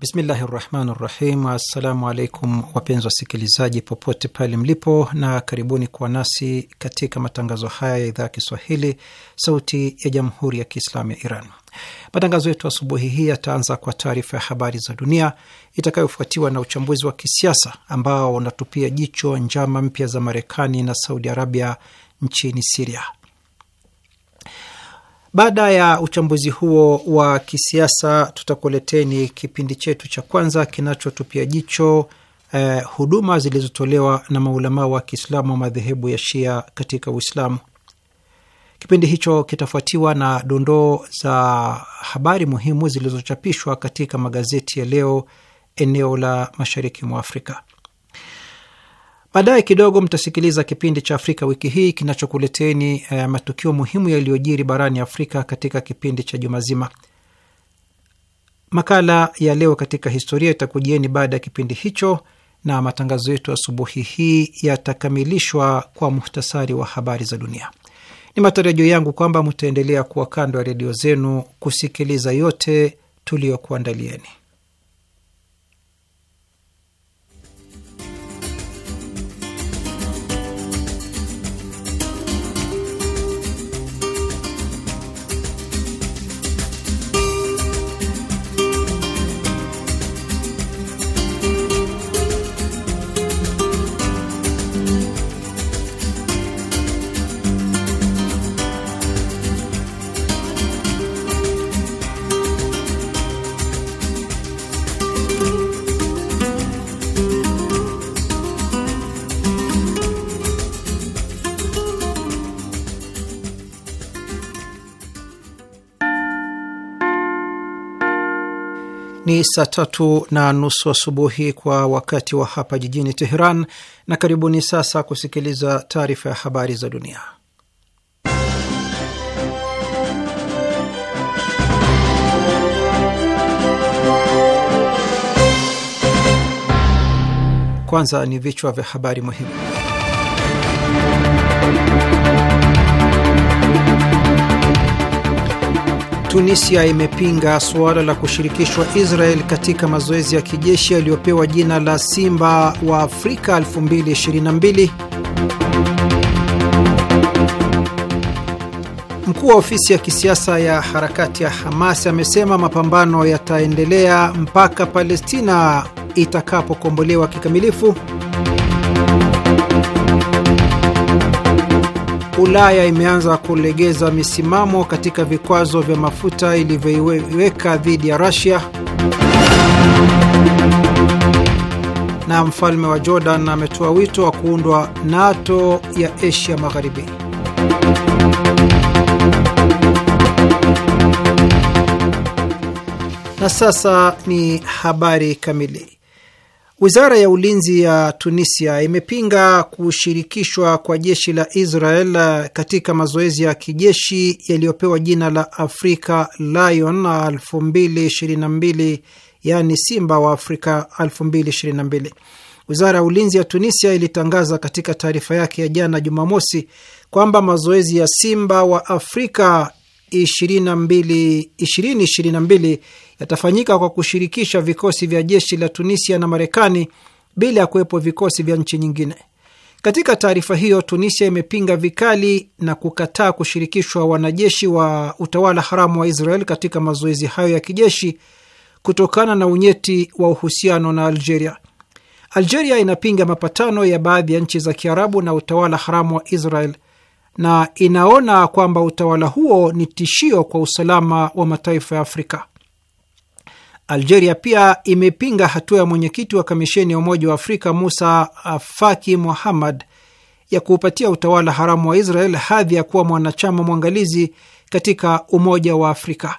Bismillahi rahmani rahim. Assalamu alaikum wapenzi wasikilizaji popote pale mlipo, na karibuni kuwa nasi katika matangazo haya ya idhaa ya Kiswahili sauti ya jamhuri ya kiislamu ya Iran. Matangazo yetu asubuhi hii yataanza kwa taarifa ya habari za dunia itakayofuatiwa na uchambuzi wa kisiasa ambao unatupia jicho njama mpya za Marekani na Saudi Arabia nchini Siria. Baada ya uchambuzi huo wa kisiasa, tutakuleteni kipindi chetu cha kwanza kinachotupia jicho eh, huduma zilizotolewa na maulamaa wa Kiislamu wa madhehebu ya Shia katika Uislamu. Kipindi hicho kitafuatiwa na dondoo za habari muhimu zilizochapishwa katika magazeti ya leo eneo la mashariki mwa Afrika. Baadaye kidogo mtasikiliza kipindi cha Afrika wiki hii kinachokuleteni eh, matukio muhimu yaliyojiri barani Afrika katika kipindi cha juma zima. Makala ya leo katika historia itakujieni baada ya kipindi hicho, na matangazo yetu asubuhi hii yatakamilishwa kwa muhtasari wa habari za dunia. Ni matarajio yangu kwamba mtaendelea kuwa kando ya redio zenu kusikiliza yote tuliyokuandalieni. Ni saa tatu na nusu asubuhi wa kwa wakati wa hapa jijini Teheran, na karibuni sasa kusikiliza taarifa ya habari za dunia. Kwanza ni vichwa vya habari muhimu. Tunisia imepinga suala la kushirikishwa Israel katika mazoezi ya kijeshi yaliyopewa jina la Simba wa Afrika 2022. Mkuu wa ofisi ya kisiasa ya harakati ya Hamas amesema mapambano yataendelea mpaka Palestina itakapokombolewa kikamilifu. Ulaya imeanza kulegeza misimamo katika vikwazo vya mafuta ilivyoiweka dhidi ya Russia, na mfalme wa Jordan ametoa wito wa kuundwa NATO ya Asia Magharibi. Na sasa ni habari kamili. Wizara ya ulinzi ya Tunisia imepinga kushirikishwa kwa jeshi la Israel katika mazoezi ya kijeshi yaliyopewa jina la afrika Lion 2022 yaani Simba wa Afrika 2022. Wizara ya ulinzi ya Tunisia ilitangaza katika taarifa yake ya jana Jumamosi kwamba mazoezi ya Simba wa Afrika 2022 yatafanyika kwa kushirikisha vikosi vya jeshi la Tunisia na Marekani bila ya kuwepo vikosi vya nchi nyingine. Katika taarifa hiyo, Tunisia imepinga vikali na kukataa kushirikishwa wanajeshi wa utawala haramu wa Israel katika mazoezi hayo ya kijeshi kutokana na unyeti wa uhusiano na Algeria. Algeria inapinga mapatano ya baadhi ya nchi za Kiarabu na utawala haramu wa Israel na inaona kwamba utawala huo ni tishio kwa usalama wa mataifa ya Afrika. Algeria pia imepinga hatua ya mwenyekiti wa kamisheni ya Umoja wa Afrika Musa ah, Faki Muhammad ya kuupatia utawala haramu wa Israel hadhi ya kuwa mwanachama mwangalizi katika Umoja wa Afrika.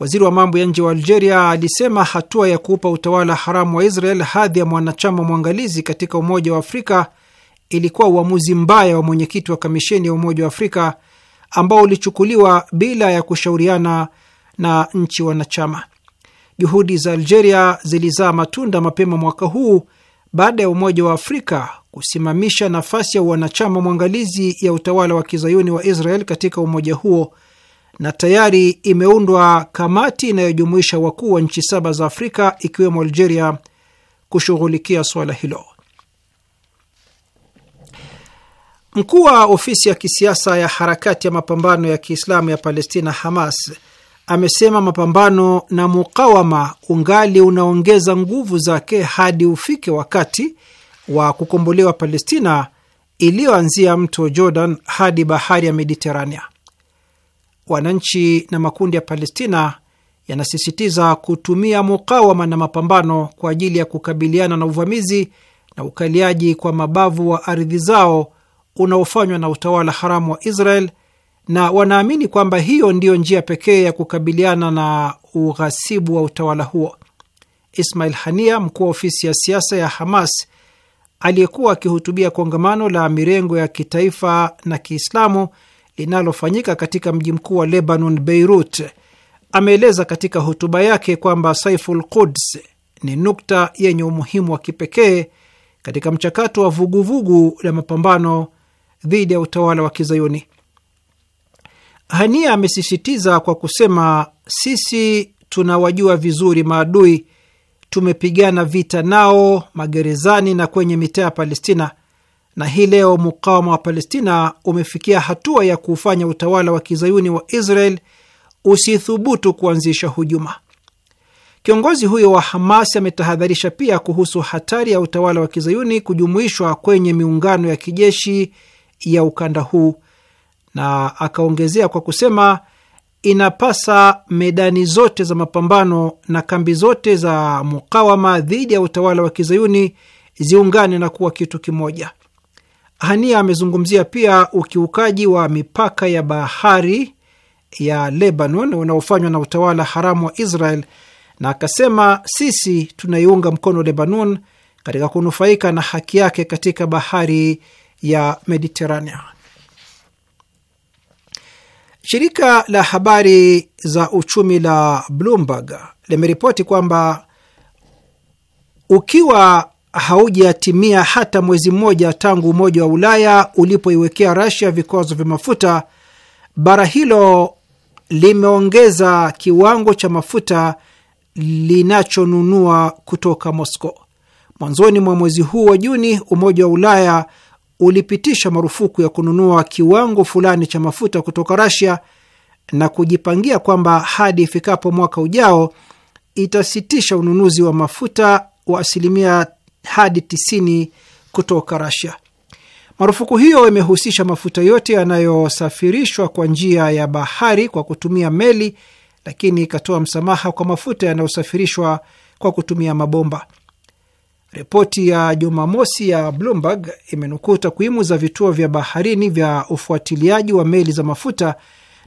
Waziri wa mambo ya nje wa Algeria alisema hatua ya kuupa utawala haramu wa Israel hadhi ya mwanachama mwangalizi katika Umoja wa Afrika ilikuwa uamuzi mbaya wa mwenyekiti wa kamisheni ya Umoja wa Afrika ambao ulichukuliwa bila ya kushauriana na nchi wanachama. Juhudi za Algeria zilizaa matunda mapema mwaka huu baada ya Umoja wa Afrika kusimamisha nafasi ya wanachama mwangalizi ya utawala wa kizayuni wa Israel katika umoja huo, na tayari imeundwa kamati inayojumuisha wakuu wa nchi saba za Afrika ikiwemo Algeria kushughulikia suala hilo. Mkuu wa ofisi ya kisiasa ya harakati ya mapambano ya Kiislamu ya Palestina, Hamas, amesema mapambano na mukawama ungali unaongeza nguvu zake hadi ufike wakati wa kukombolewa Palestina iliyoanzia mto Jordan hadi bahari ya Mediterania. Wananchi na makundi ya Palestina yanasisitiza kutumia mukawama na mapambano kwa ajili ya kukabiliana na uvamizi na ukaliaji kwa mabavu wa ardhi zao unaofanywa na utawala haramu wa Israel na wanaamini kwamba hiyo ndiyo njia pekee ya kukabiliana na ughasibu wa utawala huo. Ismail Hania, mkuu wa ofisi ya siasa ya Hamas, aliyekuwa akihutubia kongamano la mirengo ya kitaifa na Kiislamu linalofanyika katika mji mkuu wa Lebanon, Beirut, ameeleza katika hotuba yake kwamba Saiful Quds ni nukta yenye umuhimu wa kipekee katika mchakato wa vuguvugu la mapambano dhidi ya utawala wa Kizayuni. Hania amesisitiza kwa kusema, sisi tunawajua vizuri maadui, tumepigana vita nao magerezani na kwenye mitaa ya Palestina, na hii leo mukawama wa Palestina umefikia hatua ya kuufanya utawala wa kizayuni wa Israel usithubutu kuanzisha hujuma. Kiongozi huyo wa Hamas ametahadharisha pia kuhusu hatari ya utawala wa kizayuni kujumuishwa kwenye miungano ya kijeshi ya ukanda huu na akaongezea kwa kusema inapasa medani zote za mapambano na kambi zote za mukawama dhidi ya utawala wa kizayuni ziungane na kuwa kitu kimoja. Hania amezungumzia pia ukiukaji wa mipaka ya bahari ya Lebanon unaofanywa na utawala haramu wa Israel na akasema, sisi tunaiunga mkono Lebanon katika kunufaika na haki yake katika bahari ya Mediterania. Shirika la habari za uchumi la Bloomberg limeripoti kwamba ukiwa haujatimia hata mwezi mmoja tangu Umoja wa Ulaya ulipoiwekea Rasia vikwazo vya mafuta, bara hilo limeongeza kiwango cha mafuta linachonunua kutoka Moscow. Mwanzoni mwa mwezi huu wa Juni, Umoja wa Ulaya ulipitisha marufuku ya kununua kiwango fulani cha mafuta kutoka Rasia na kujipangia kwamba hadi ifikapo mwaka ujao itasitisha ununuzi wa mafuta wa asilimia hadi 90 kutoka Rasia. Marufuku hiyo imehusisha mafuta yote yanayosafirishwa kwa njia ya bahari kwa kutumia meli, lakini ikatoa msamaha kwa mafuta yanayosafirishwa kwa kutumia mabomba. Ripoti ya Jumamosi ya Bloomberg imenukuu takwimu za vituo vya baharini vya ufuatiliaji wa meli za mafuta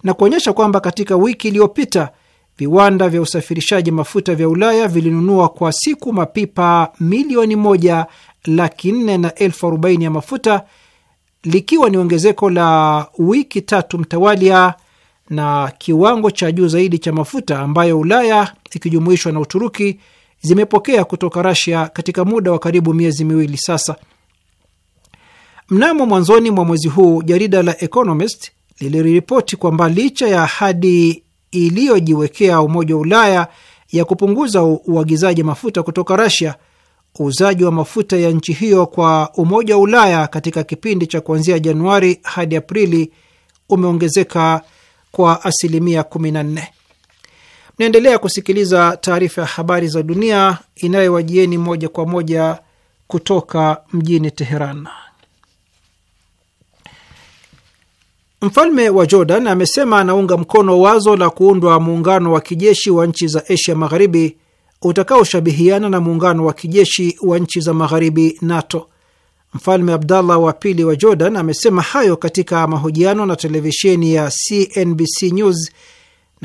na kuonyesha kwamba katika wiki iliyopita viwanda vya usafirishaji mafuta vya Ulaya vilinunua kwa siku mapipa milioni moja laki nne na elfu arobaini ya mafuta likiwa ni ongezeko la wiki tatu mtawalia na kiwango cha juu zaidi cha mafuta ambayo Ulaya ikijumuishwa na Uturuki zimepokea kutoka Rasia katika muda wa karibu miezi miwili sasa. Mnamo mwanzoni mwa mwezi huu jarida la Economist liliripoti kwamba licha ya ahadi iliyojiwekea Umoja wa Ulaya ya kupunguza uagizaji mafuta kutoka Rasia, uuzaji wa mafuta ya nchi hiyo kwa Umoja wa Ulaya katika kipindi cha kuanzia Januari hadi Aprili umeongezeka kwa asilimia 14 naendelea kusikiliza taarifa ya habari za dunia inayowajieni moja kwa moja kutoka mjini Teheran. Mfalme wa Jordan amesema anaunga mkono wazo la kuundwa muungano wa kijeshi wa nchi za Asia Magharibi utakaoshabihiana na muungano wa kijeshi wa nchi za Magharibi, NATO. Mfalme Abdallah wa pili wa Jordan amesema hayo katika mahojiano na televisheni ya CNBC News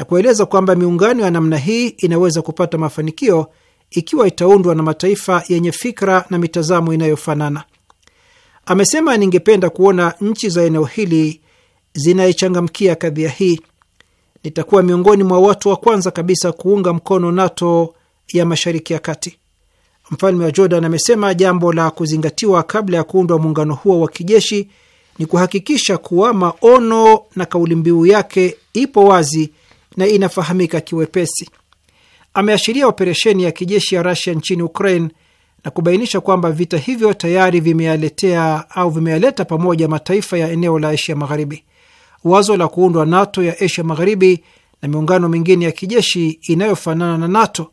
na kueleza kwamba miungano ya namna hii inaweza kupata mafanikio ikiwa itaundwa na mataifa yenye fikra na mitazamo inayofanana. Amesema, ningependa kuona nchi za eneo hili zinaichangamkia kadhia hii. Nitakuwa miongoni mwa watu wa kwanza kabisa kuunga mkono NATO ya Mashariki ya Kati. Mfalme wa Jordan amesema jambo la kuzingatiwa kabla ya kuundwa muungano huo wa kijeshi ni kuhakikisha kuwa maono na kauli mbiu yake ipo wazi na inafahamika kiwepesi. Ameashiria operesheni ya kijeshi ya Rusia nchini Ukraine na kubainisha kwamba vita hivyo tayari vimeyaletea au vimeyaleta pamoja mataifa ya eneo la Asia Magharibi. Wazo la kuundwa NATO ya Asia Magharibi na miungano mingine ya kijeshi inayofanana na NATO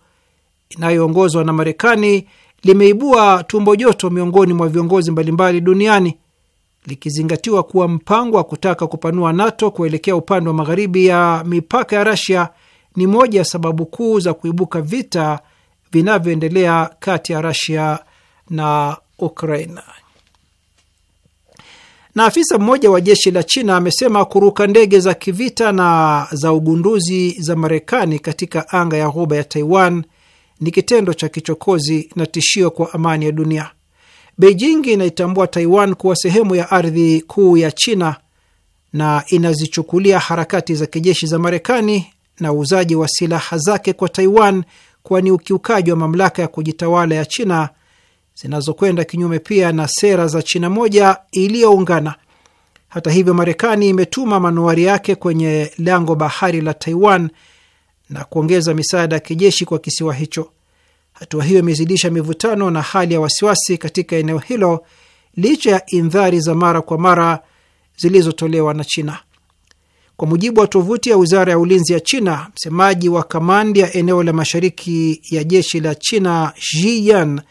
inayoongozwa na Marekani limeibua tumbo joto miongoni mwa viongozi mbalimbali duniani likizingatiwa kuwa mpango wa kutaka kupanua NATO kuelekea upande wa magharibi ya mipaka ya Rasia ni moja ya sababu kuu za kuibuka vita vinavyoendelea kati ya Rasia na Ukraina. Na afisa mmoja wa jeshi la China amesema kuruka ndege za kivita na za ugunduzi za Marekani katika anga ya ghuba ya Taiwan ni kitendo cha kichokozi na tishio kwa amani ya dunia. Beijing inaitambua Taiwan kuwa sehemu ya ardhi kuu ya China na inazichukulia harakati za kijeshi za Marekani na uuzaji wa silaha zake kwa Taiwan kuwa ni ukiukaji wa mamlaka ya kujitawala ya China zinazokwenda kinyume pia na sera za China moja iliyoungana. Hata hivyo, Marekani imetuma manuari yake kwenye lango bahari la Taiwan na kuongeza misaada ya kijeshi kwa kisiwa hicho. Hatua hiyo imezidisha mivutano na hali ya wasiwasi katika eneo hilo licha ya indhari za mara kwa mara zilizotolewa na China. Kwa mujibu wa tovuti ya wizara ya ulinzi ya China, msemaji wa kamandi ya eneo la mashariki ya jeshi la China Jiyan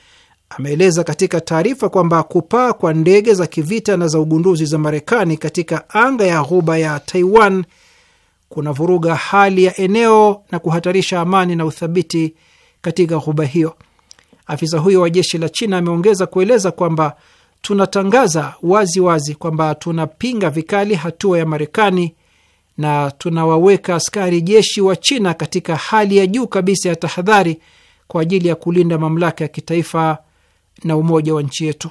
ameeleza katika taarifa kwamba kupaa kwa ndege za kivita na za ugunduzi za Marekani katika anga ya ghuba ya Taiwan kuna vuruga hali ya eneo na kuhatarisha amani na uthabiti katika ghuba hiyo. Afisa huyo wa jeshi la China ameongeza kueleza kwamba tunatangaza wazi wazi kwamba tunapinga vikali hatua ya Marekani na tunawaweka askari jeshi wa China katika hali ya juu kabisa ya tahadhari kwa ajili ya kulinda mamlaka ya kitaifa na umoja wa nchi yetu.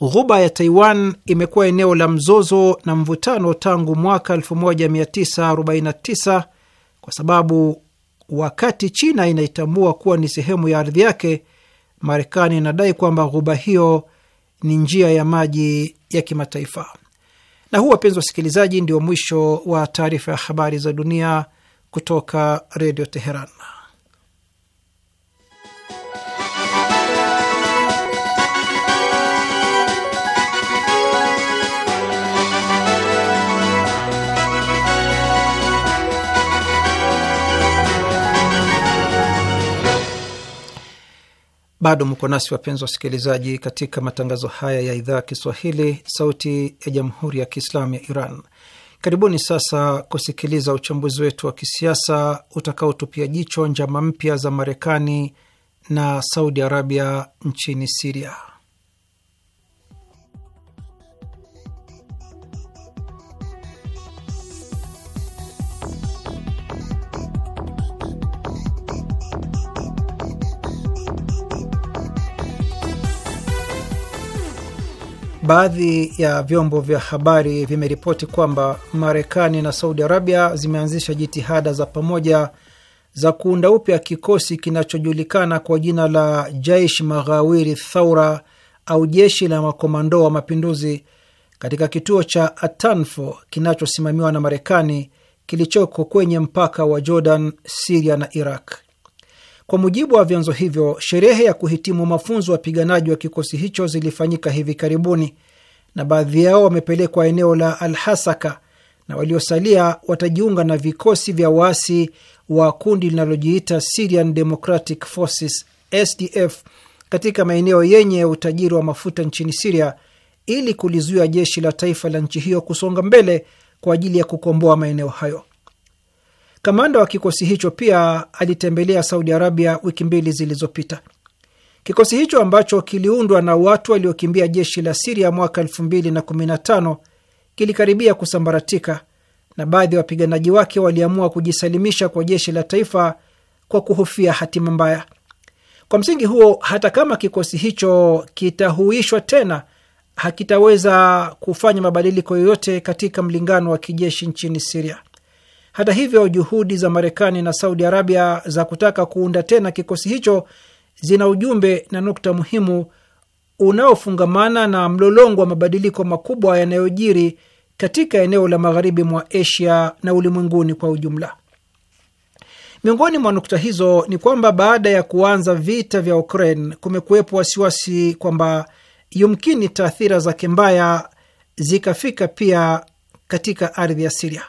Ghuba ya Taiwan imekuwa eneo la mzozo na mvutano tangu mwaka 1949 kwa sababu Wakati China inaitambua kuwa ni sehemu ya ardhi yake, Marekani inadai kwamba ghuba hiyo ni njia ya maji ya kimataifa. Na huu, wapenzi wasikilizaji, ndio mwisho wa taarifa ya habari za dunia kutoka Redio Teheran. Bado mko nasi wapenzi wasikilizaji, katika matangazo haya ya idhaa ya Kiswahili, sauti ya jamhuri ya kiislamu ya Iran. Karibuni sasa kusikiliza uchambuzi wetu wa kisiasa utakaotupia jicho njama mpya za Marekani na Saudi Arabia nchini Siria. Baadhi ya vyombo vya habari vimeripoti kwamba Marekani na Saudi Arabia zimeanzisha jitihada za pamoja za kuunda upya kikosi kinachojulikana kwa jina la Jaish Maghawiri Thaura au jeshi la makomando wa mapinduzi katika kituo cha Atanfo kinachosimamiwa na Marekani kilichoko kwenye mpaka wa Jordan, Siria na Iraq. Kwa mujibu wa vyanzo hivyo, sherehe ya kuhitimu mafunzo wapiganaji wa kikosi hicho zilifanyika hivi karibuni, na baadhi yao wamepelekwa eneo la Alhasaka na waliosalia watajiunga na vikosi vya waasi wa kundi linalojiita Syrian Democratic Forces SDF katika maeneo yenye utajiri wa mafuta nchini Siria ili kulizuia jeshi la taifa la nchi hiyo kusonga mbele kwa ajili ya kukomboa maeneo hayo. Kamanda wa kikosi hicho pia alitembelea Saudi Arabia wiki mbili zilizopita. Kikosi hicho ambacho kiliundwa na watu waliokimbia jeshi la Siria mwaka 2015 kilikaribia kusambaratika na baadhi ya wapiganaji wake waliamua kujisalimisha kwa jeshi la taifa kwa kuhofia hatima mbaya. Kwa msingi huo, hata kama kikosi hicho kitahuishwa tena, hakitaweza kufanya mabadiliko yoyote katika mlingano wa kijeshi nchini Siria. Hata hivyo, juhudi za Marekani na Saudi Arabia za kutaka kuunda tena kikosi hicho zina ujumbe na nukta muhimu unaofungamana na mlolongo wa mabadiliko makubwa yanayojiri katika eneo la magharibi mwa Asia na ulimwenguni kwa ujumla. Miongoni mwa nukta hizo ni kwamba baada ya kuanza vita vya Ukraine kumekuwepo wasiwasi kwamba yumkini taathira zake mbaya zikafika pia katika ardhi ya Siria.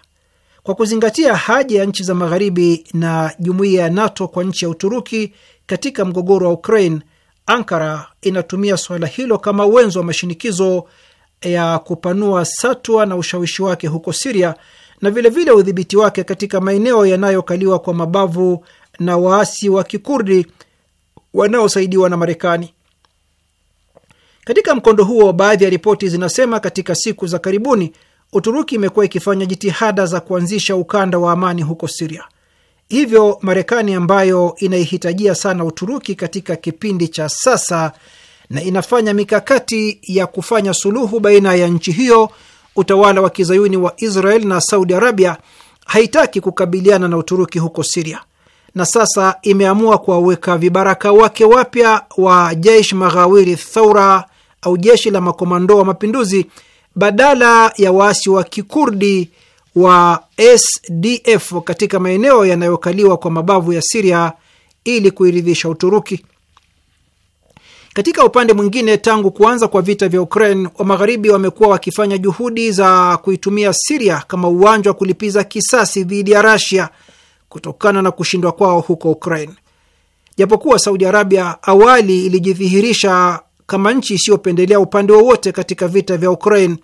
Kwa kuzingatia haja ya nchi za Magharibi na jumuiya ya NATO kwa nchi ya Uturuki katika mgogoro wa Ukraine, Ankara inatumia suala hilo kama wenzo wa mashinikizo ya kupanua satwa na ushawishi wake huko Siria na vilevile udhibiti wake katika maeneo yanayokaliwa kwa mabavu na waasi wa Kikurdi wanaosaidiwa na Marekani. Katika mkondo huo, baadhi ya ripoti zinasema katika siku za karibuni Uturuki imekuwa ikifanya jitihada za kuanzisha ukanda wa amani huko Siria. Hivyo Marekani ambayo inaihitajia sana Uturuki katika kipindi cha sasa na inafanya mikakati ya kufanya suluhu baina ya nchi hiyo, utawala wa kizayuni wa Israel na Saudi Arabia haitaki kukabiliana na Uturuki huko Siria, na sasa imeamua kuwaweka vibaraka wake wapya wa Jeish Maghawiri Thaura au jeshi la makomando wa mapinduzi badala ya waasi wa kikurdi wa SDF katika maeneo yanayokaliwa kwa mabavu ya Siria ili kuiridhisha Uturuki. Katika upande mwingine, tangu kuanza kwa vita vya Ukraine, wa magharibi wamekuwa wakifanya juhudi za kuitumia Siria kama uwanja wa kulipiza kisasi dhidi ya Rasia kutokana na kushindwa kwao huko Ukraine. Japokuwa Saudi Arabia awali ilijidhihirisha kama nchi isiyopendelea upande wowote katika vita vya Ukraine,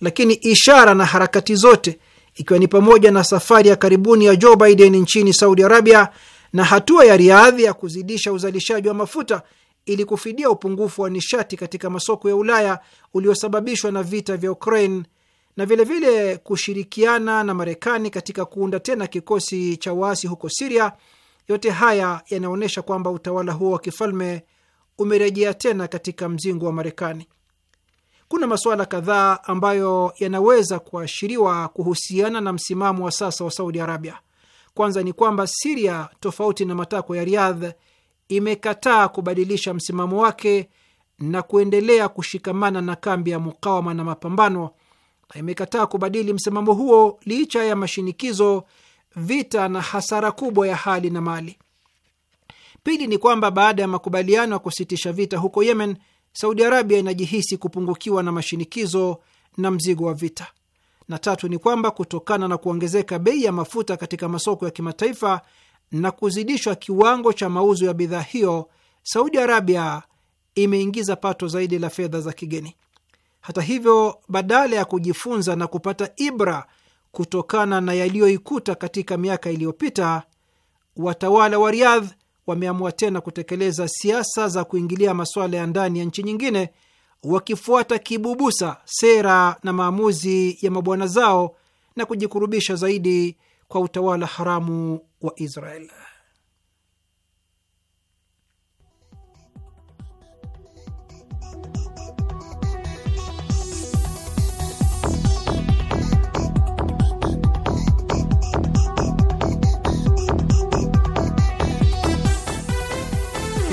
lakini ishara na harakati zote, ikiwa ni pamoja na safari ya karibuni ya Joe Biden nchini Saudi Arabia na hatua ya Riadhi ya kuzidisha uzalishaji wa mafuta ili kufidia upungufu wa nishati katika masoko ya Ulaya uliosababishwa na vita vya Ukraine na vilevile vile kushirikiana na Marekani katika kuunda tena kikosi cha waasi huko Siria. Yote haya yanaonyesha kwamba utawala huo wa kifalme umerejea tena katika mzingo wa Marekani. Kuna masuala kadhaa ambayo yanaweza kuashiriwa kuhusiana na msimamo wa sasa wa Saudi Arabia. Kwanza ni kwamba Siria, tofauti na matakwa ya Riyadh, imekataa kubadilisha msimamo wake na kuendelea kushikamana na kambi ya mukawama na mapambano, na imekataa kubadili msimamo huo licha ya mashinikizo, vita na hasara kubwa ya hali na mali. Pili ni kwamba baada ya makubaliano ya kusitisha vita huko Yemen, Saudi Arabia inajihisi kupungukiwa na mashinikizo na mzigo wa vita, na tatu ni kwamba kutokana na kuongezeka bei ya mafuta katika masoko ya kimataifa na kuzidishwa kiwango cha mauzo ya bidhaa hiyo, Saudi Arabia imeingiza pato zaidi la fedha za kigeni. Hata hivyo, badala ya kujifunza na kupata ibra kutokana na yaliyoikuta katika miaka iliyopita, watawala wa Riyadh wameamua tena kutekeleza siasa za kuingilia masuala ya ndani ya nchi nyingine, wakifuata kibubusa sera na maamuzi ya mabwana zao na kujikurubisha zaidi kwa utawala haramu wa Israel.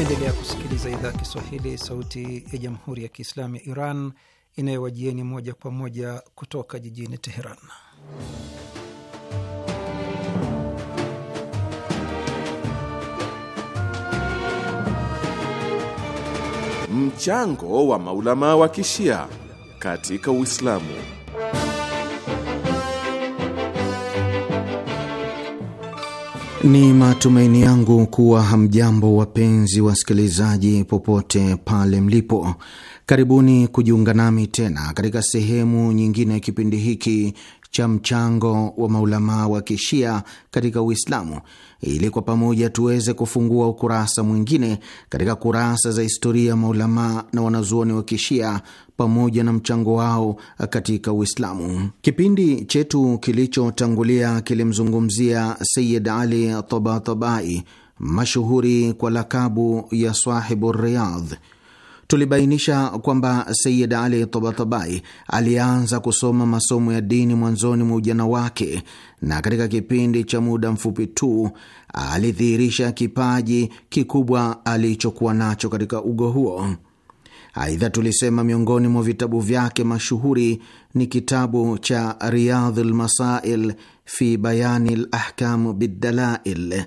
Naendelea kusikiliza idhaa Kiswahili, sauti ya jamhuri ya kiislamu ya Iran inayowajieni moja kwa moja kutoka jijini Teheran. Mchango wa maulama wa kishia katika Uislamu. Ni matumaini yangu kuwa hamjambo wapenzi wasikilizaji, popote pale mlipo. Karibuni kujiunga nami tena katika sehemu nyingine ya kipindi hiki cha mchango wa maulamaa wa kishia katika Uislamu ili kwa pamoja tuweze kufungua ukurasa mwingine katika kurasa za historia ya maulamaa na wanazuoni wa kishia pamoja na mchango wao katika Uislamu. Kipindi chetu kilichotangulia kilimzungumzia Sayid Ali Tabatabai, mashuhuri kwa lakabu ya Sahibu Riyadh Tulibainisha kwamba Sayid Ali Tabatabai alianza kusoma masomo ya dini mwanzoni mwa ujana wake, na katika kipindi cha muda mfupi tu alidhihirisha kipaji kikubwa alichokuwa nacho katika ugo huo. Aidha, tulisema miongoni mwa vitabu vyake mashuhuri ni kitabu cha Riyadhul Masail fi Bayani Lahkamu Bidalail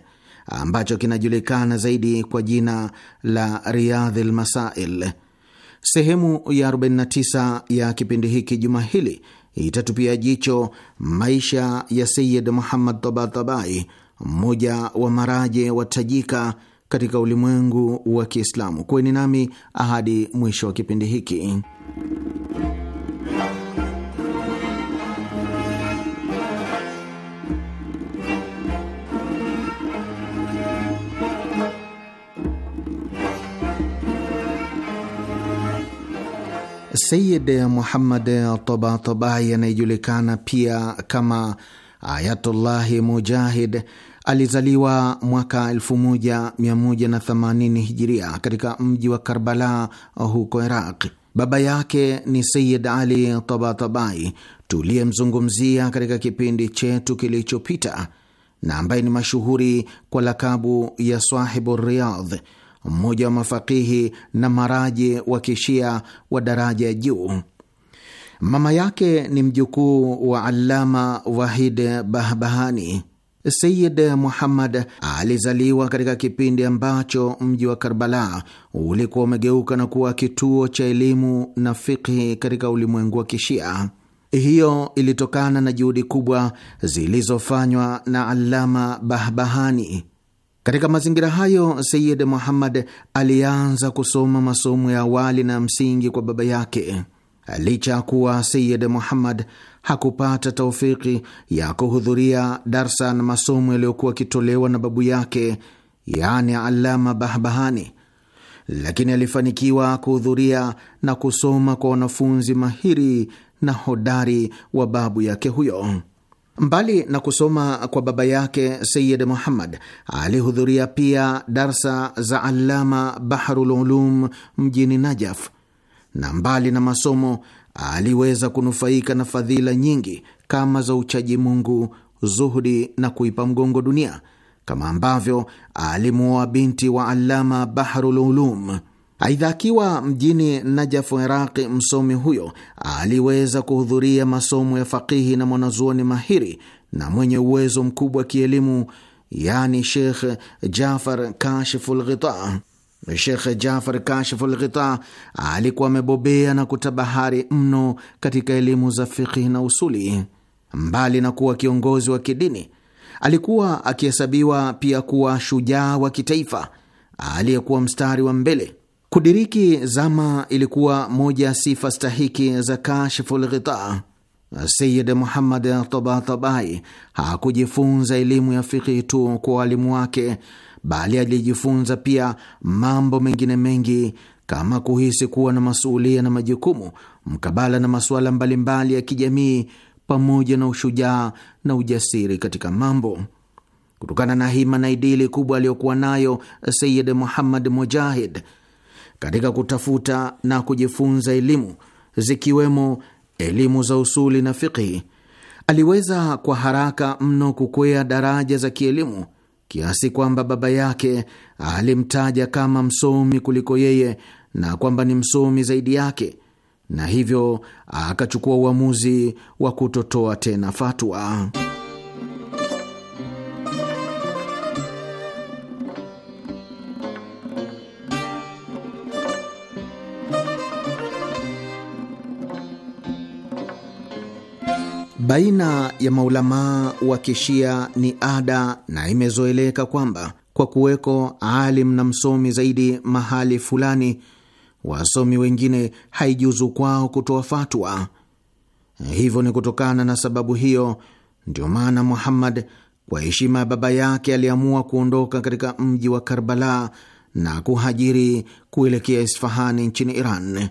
ambacho kinajulikana zaidi kwa jina la riadhi lmasail Sehemu ya 49 ya kipindi hiki juma hili itatupia jicho maisha ya Sayid Muhammad Tabatabai, mmoja wa maraje watajika katika ulimwengu wa Kiislamu. Kuweni nami ahadi mwisho wa kipindi hiki. Sayid Muhammad Tabatabai anayejulikana pia kama Ayatullahi Mujahid alizaliwa mwaka 1180 hijiria katika mji wa Karbala huko Iraq. Baba yake ni Sayid Ali Tabatabai tuliyemzungumzia katika kipindi chetu kilichopita na ambaye ni mashuhuri kwa lakabu ya Sahibu Riyadh mmoja wa mafakihi na maraji wa kishia wa daraja ya juu. Mama yake ni mjukuu wa Allama Wahid Bahbahani. Sayid Muhammad alizaliwa katika kipindi ambacho mji wa Karbala ulikuwa umegeuka na kuwa kituo cha elimu na fikhi katika ulimwengu wa Kishia. Hiyo ilitokana na juhudi kubwa zilizofanywa na Allama Bahbahani. Katika mazingira hayo, Sayid Muhammad alianza kusoma masomo ya awali na msingi kwa baba yake. Licha ya kuwa Sayid Muhammad hakupata taufiki ya kuhudhuria darsa na masomo yaliyokuwa akitolewa na babu yake, yaani Alama Bahbahani, lakini alifanikiwa kuhudhuria na kusoma kwa wanafunzi mahiri na hodari wa babu yake huyo. Mbali na kusoma kwa baba yake Sayid Muhammad, alihudhuria pia darsa za Allama Bahrul Ulum mjini Najaf, na mbali na masomo aliweza kunufaika na fadhila nyingi kama za uchaji Mungu, zuhudi na kuipa mgongo dunia, kama ambavyo alimuoa binti wa Allama bahrululum Ulum. Aidha, akiwa mjini Najafu, Iraqi, msomi huyo aliweza kuhudhuria masomo ya fakihi na mwanazuoni mahiri na mwenye uwezo mkubwa wa kielimu, yani Shekh Jafar Kashfulghita. Shekh Jafar Kashiful alikuwa amebobea na kutabahari mno katika elimu za fikhi na usuli. Mbali na kuwa kiongozi wa kidini, alikuwa akihesabiwa pia kuwa shujaa wa kitaifa aliyekuwa mstari wa mbele Kudiriki zama ilikuwa moja ya sifa stahiki za Kashful Ghita. Sayid Muhammad Tabatabai hakujifunza elimu ya fikhi tu kwa walimu wake, bali alijifunza pia mambo mengine mengi kama kuhisi kuwa na masuulia na majukumu mkabala na masuala mbalimbali ya kijamii, pamoja na ushujaa na ujasiri katika mambo. Kutokana na hima na idili kubwa aliyokuwa nayo Sayid Muhammad Mujahid katika kutafuta na kujifunza elimu zikiwemo elimu za usuli na fiqhi. Aliweza kwa haraka mno kukwea daraja za kielimu kiasi kwamba baba yake alimtaja kama msomi kuliko yeye na kwamba ni msomi zaidi yake, na hivyo akachukua uamuzi wa kutotoa tena fatwa. baina ya maulamaa wa kishia ni ada na imezoeleka kwamba kwa kuweko alim na msomi zaidi mahali fulani, wasomi wengine haijuzu kwao kutoa fatwa. Hivyo ni kutokana na sababu hiyo ndio maana Muhammad kwa heshima ya baba yake aliamua kuondoka katika mji wa Karbala na kuhajiri kuelekea Isfahani nchini Iran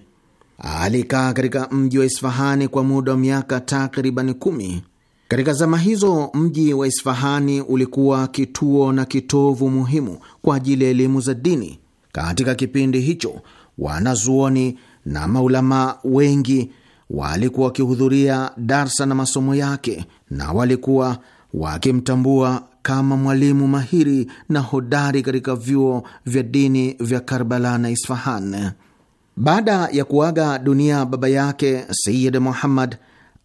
alikaa katika mji wa Isfahani kwa muda wa miaka takribani kumi. Katika zama hizo mji wa Isfahani ulikuwa kituo na kitovu muhimu kwa ajili ya elimu za dini. Katika kipindi hicho, wanazuoni na maulamaa wengi walikuwa wakihudhuria darsa na masomo yake na walikuwa wakimtambua kama mwalimu mahiri na hodari katika vyuo vya dini vya Karbala na Isfahan. Baada ya kuaga dunia baba yake, Sayid Muhammad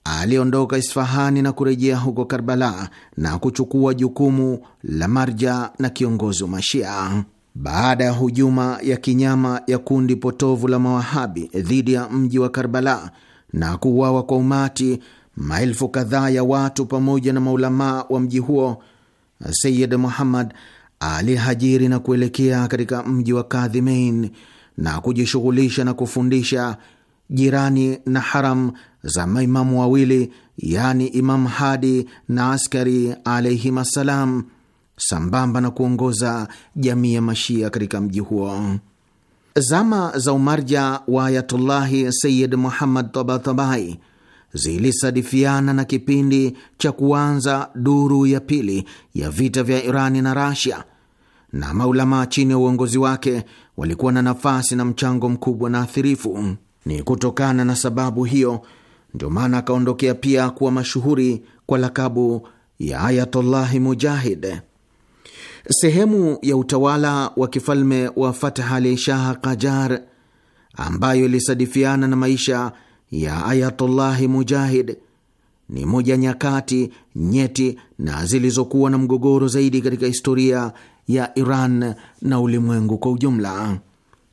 aliondoka Isfahani na kurejea huko Karbala na kuchukua jukumu la marja na kiongozi wa Mashia. Baada ya hujuma ya kinyama ya kundi potovu la Mawahabi dhidi ya mji wa Karbala na kuuawa kwa umati maelfu kadhaa ya watu pamoja na maulamaa wa mji huo, Sayid Muhammad alihajiri na kuelekea katika mji wa Kadhimain na kujishughulisha na kufundisha jirani na haram za maimamu wawili, yani Imamu Hadi na Askari alaihim assalam, sambamba na kuongoza jamii ya Mashia katika mji huo. Zama za umarja wa Ayatullahi Sayid Muhammad Tabatabai zilisadifiana na kipindi cha kuanza duru ya pili ya vita vya Irani na Rasia, na maulamaa chini ya uongozi wake walikuwa na nafasi na mchango mkubwa na athirifu. Ni kutokana na sababu hiyo ndio maana akaondokea pia kuwa mashuhuri kwa lakabu ya Ayatullahi Mujahid. Sehemu ya utawala wa kifalme wa Fatah Ali Shah Kajar, ambayo ilisadifiana na maisha ya Ayatullahi Mujahid, ni moja nyakati nyeti na zilizokuwa na mgogoro zaidi katika historia ya Iran na ulimwengu kwa ujumla.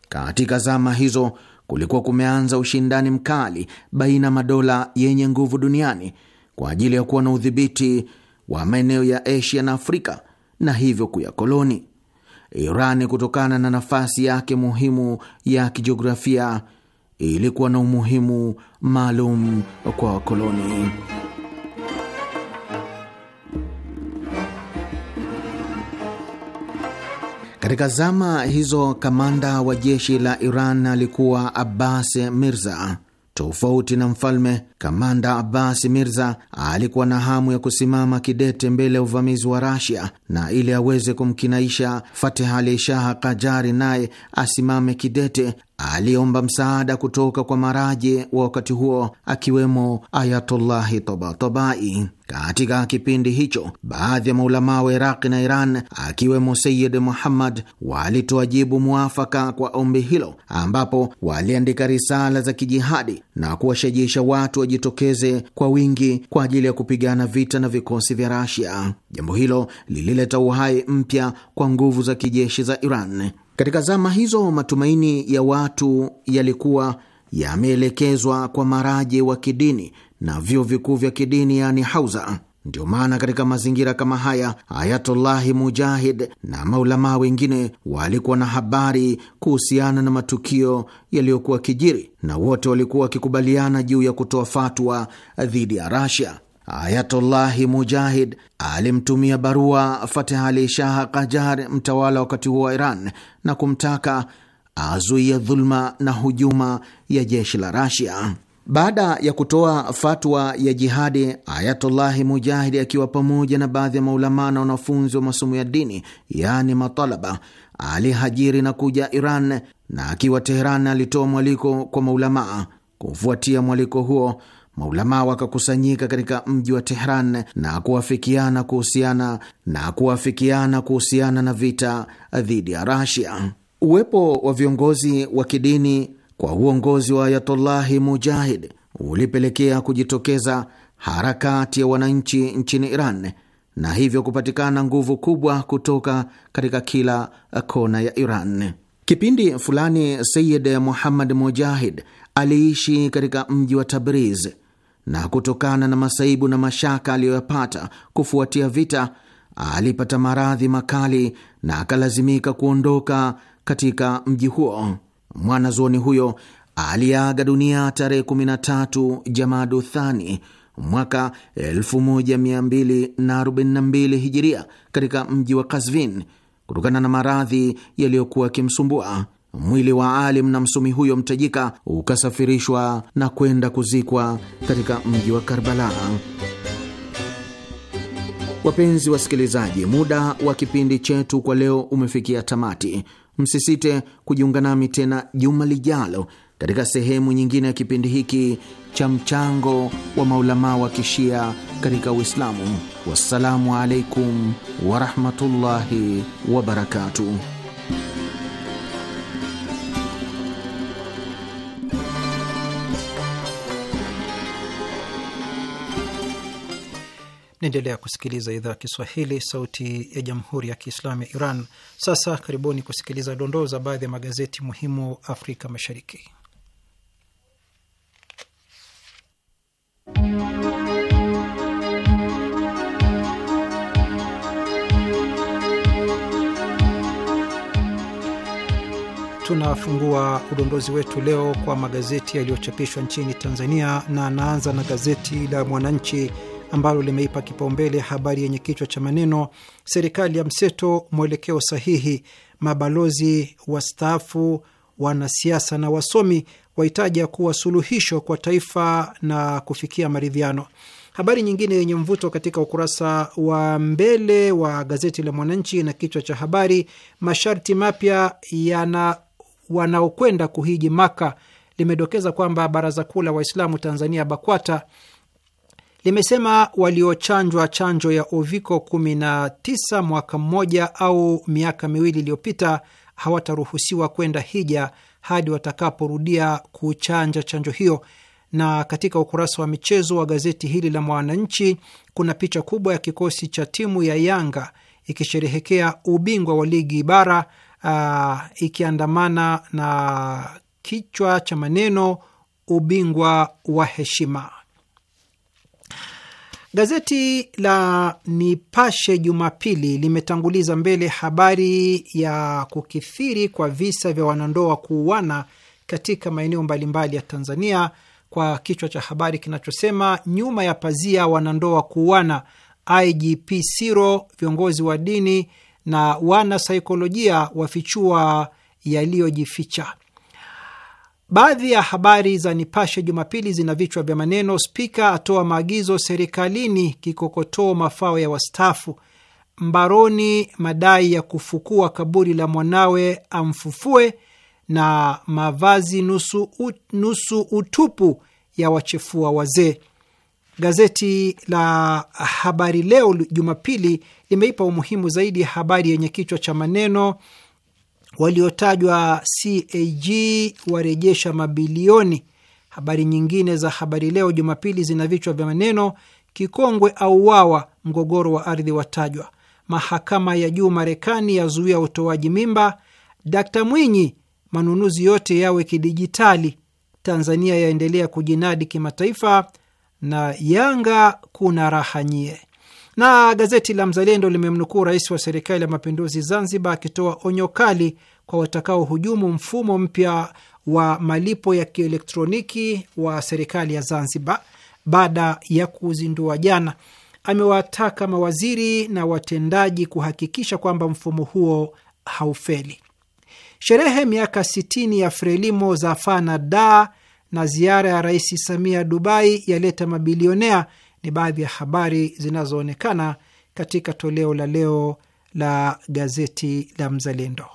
Katika zama hizo kulikuwa kumeanza ushindani mkali baina ya madola yenye nguvu duniani kwa ajili ya kuwa na udhibiti wa maeneo ya Asia na Afrika na hivyo kuyakoloni. iran kutokana na nafasi yake muhimu ya kijiografia, ilikuwa na umuhimu maalum kwa wakoloni. Katika zama hizo kamanda wa jeshi la Iran alikuwa Abbas Mirza. Tofauti na mfalme, kamanda Abbas Mirza alikuwa na hamu ya kusimama kidete mbele ya uvamizi wa Rasia, na ili aweze kumkinaisha Fatehali Shah Kajari naye asimame kidete, aliomba msaada kutoka kwa maraje wa wakati huo akiwemo Ayatullahi Tabatabai. Katika kipindi hicho baadhi ya maulamaa wa Iraqi na Iran akiwemo Sayid Muhammad walitoa jibu mwafaka kwa ombi hilo, ambapo waliandika risala za kijihadi na kuwashajisha watu wajitokeze kwa wingi kwa ajili ya kupigana vita na vikosi vya Rasia. Jambo hilo lilileta uhai mpya kwa nguvu za kijeshi za Iran. Katika zama hizo matumaini ya watu yalikuwa yameelekezwa kwa maraje wa kidini na vyuo vikuu vya kidini, yaani hauza. Ndiyo maana katika mazingira kama haya Ayatullahi Mujahid na maulamaa wengine walikuwa na habari kuhusiana na matukio yaliyokuwa kijiri, na wote walikuwa wakikubaliana juu ya kutoa fatwa dhidi ya Rasia. Ayatullahi Mujahid alimtumia barua Ali shah Kajar, mtawala wakati huo wa Iran, na kumtaka azuia dhuluma na hujuma ya jeshi la Rasia. Baada ya kutoa fatwa ya jihadi, Ayatullahi Mujahidi akiwa pamoja na baadhi ya maulamaa na wanafunzi wa masomo ya dini, yaani matalaba, alihajiri na kuja Iran, na akiwa Teheran alitoa mwaliko kwa maulamaa. Kufuatia mwaliko huo maulama wakakusanyika katika mji wa Tehran na kuafikiana kuhusiana na kuafikiana kuhusiana na vita dhidi ya Rasia. Uwepo wa viongozi wa kidini kwa uongozi wa Ayatollahi Mujahid ulipelekea kujitokeza harakati ya wananchi nchini Iran na hivyo kupatikana nguvu kubwa kutoka katika kila kona ya Iran. Kipindi fulani Sayid Muhammad Mujahid aliishi katika mji wa Tabriz na kutokana na masaibu na mashaka aliyoyapata kufuatia vita, alipata maradhi makali na akalazimika kuondoka katika mji huo. Mwanazuoni huyo aliaga dunia tarehe 13 Jamadu Thani mwaka 1242 Hijiria katika mji wa Kasvin kutokana na maradhi yaliyokuwa yakimsumbua. Mwili wa alim na msomi huyo mtajika ukasafirishwa na kwenda kuzikwa katika mji wa Karbala. Wapenzi wasikilizaji, muda wa kipindi chetu kwa leo umefikia tamati. Msisite kujiunga nami tena juma lijalo katika sehemu nyingine ya kipindi hiki cha mchango wa maulamaa wa kishia katika Uislamu. Wassalamu alaikum warahmatullahi wabarakatuh. Naendelea kusikiliza idhaa ya Kiswahili, sauti ya jamhuri ya kiislamu ya Iran. Sasa karibuni kusikiliza dondoo za baadhi ya magazeti muhimu Afrika Mashariki. Tunafungua udondozi wetu leo kwa magazeti yaliyochapishwa nchini Tanzania, na anaanza na gazeti la Mwananchi ambalo limeipa kipaumbele habari yenye kichwa cha maneno serikali ya mseto, mwelekeo sahihi, mabalozi wastaafu, wanasiasa na wasomi wahitaja kuwa suluhisho kwa taifa na kufikia maridhiano. Habari nyingine yenye mvuto katika ukurasa wa mbele wa gazeti la Mwananchi na kichwa cha habari masharti mapya yana wanaokwenda kuhiji Maka limedokeza kwamba Baraza Kuu la Waislamu Tanzania BAKWATA limesema waliochanjwa chanjo ya uviko 19 mwaka mmoja au miaka miwili iliyopita hawataruhusiwa kwenda hija hadi watakaporudia kuchanja chanjo hiyo. Na katika ukurasa wa michezo wa gazeti hili la Mwananchi kuna picha kubwa ya kikosi cha timu ya Yanga ikisherehekea ubingwa wa ligi bara uh, ikiandamana na kichwa cha maneno ubingwa wa heshima. Gazeti la Nipashe Jumapili limetanguliza mbele habari ya kukithiri kwa visa vya wanandoa kuuana katika maeneo mbalimbali ya Tanzania kwa kichwa cha habari kinachosema nyuma ya pazia wanandoa kuuana, IGP Siro, viongozi wa dini na wana saikolojia wafichua yaliyojificha. Baadhi ya habari za Nipashe Jumapili zina vichwa vya maneno: Spika atoa maagizo serikalini, kikokotoo mafao ya wastaafu; mbaroni madai ya kufukua kaburi la mwanawe amfufue; na mavazi nusu, ut, nusu utupu ya wachefua wazee. Gazeti la Habari Leo Jumapili limeipa umuhimu zaidi habari yenye kichwa cha maneno waliotajwa CAG warejesha mabilioni. Habari nyingine za Habari Leo Jumapili zina vichwa vya maneno: Kikongwe auawa, mgogoro wa ardhi watajwa, mahakama ya juu Marekani yazuia utoaji mimba, Dkt Mwinyi, manunuzi yote yawe kidijitali, Tanzania yaendelea kujinadi kimataifa, na Yanga kuna raha nyie. Na gazeti la Mzalendo limemnukuu rais wa serikali ya mapinduzi Zanzibar akitoa onyo kali kwa watakaohujumu mfumo mpya wa malipo ya kielektroniki wa serikali ya Zanzibar baada ya kuzindua jana. Amewataka mawaziri na watendaji kuhakikisha kwamba mfumo huo haufeli. Sherehe miaka 60 ya Frelimo za Fana Da na ziara ya Rais Samia Dubai yaleta mabilionea ni baadhi ya habari zinazoonekana katika toleo la leo la gazeti la Mzalendo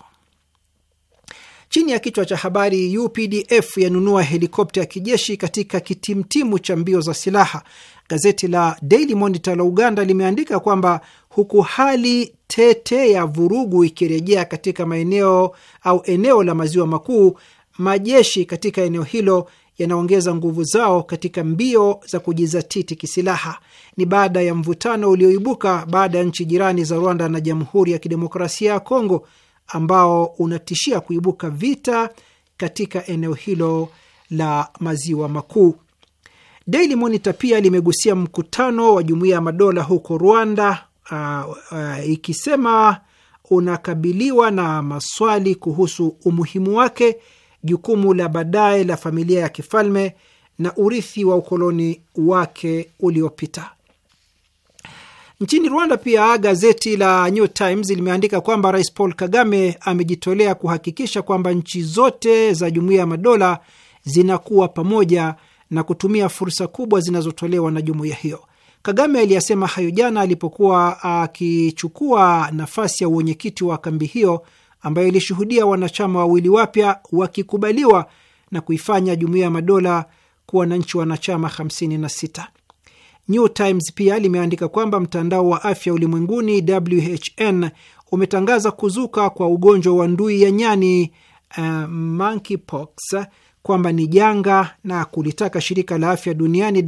chini ya kichwa cha habari UPDF yanunua helikopta ya kijeshi katika kitimtimu cha mbio za silaha. Gazeti la Daily Monitor la Uganda limeandika kwamba huku hali tete ya vurugu ikirejea katika maeneo au eneo la maziwa makuu, majeshi katika eneo hilo yanaongeza nguvu zao katika mbio za kujizatiti kisilaha. Ni baada ya mvutano ulioibuka baada ya nchi jirani za Rwanda na Jamhuri ya Kidemokrasia ya Kongo ambao unatishia kuibuka vita katika eneo hilo la maziwa makuu. Daily Monitor pia limegusia mkutano wa Jumuiya ya Madola huko Rwanda, uh, uh, ikisema unakabiliwa na maswali kuhusu umuhimu wake, jukumu la baadaye la familia ya kifalme na urithi wa ukoloni wake uliopita. Nchini Rwanda pia gazeti la New Times limeandika kwamba Rais Paul Kagame amejitolea kuhakikisha kwamba nchi zote za Jumuiya ya Madola zinakuwa pamoja na kutumia fursa kubwa zinazotolewa na jumuiya hiyo. Kagame aliyasema hayo jana alipokuwa akichukua nafasi ya uwenyekiti wa kambi hiyo ambayo ilishuhudia wanachama wawili wapya wakikubaliwa na kuifanya Jumuiya ya Madola kuwa na nchi wanachama 56. New Times pia limeandika kwamba mtandao wa afya ulimwenguni WHN umetangaza kuzuka kwa ugonjwa wa ndui ya nyani uh, monkeypox kwamba ni janga na kulitaka shirika la afya duniani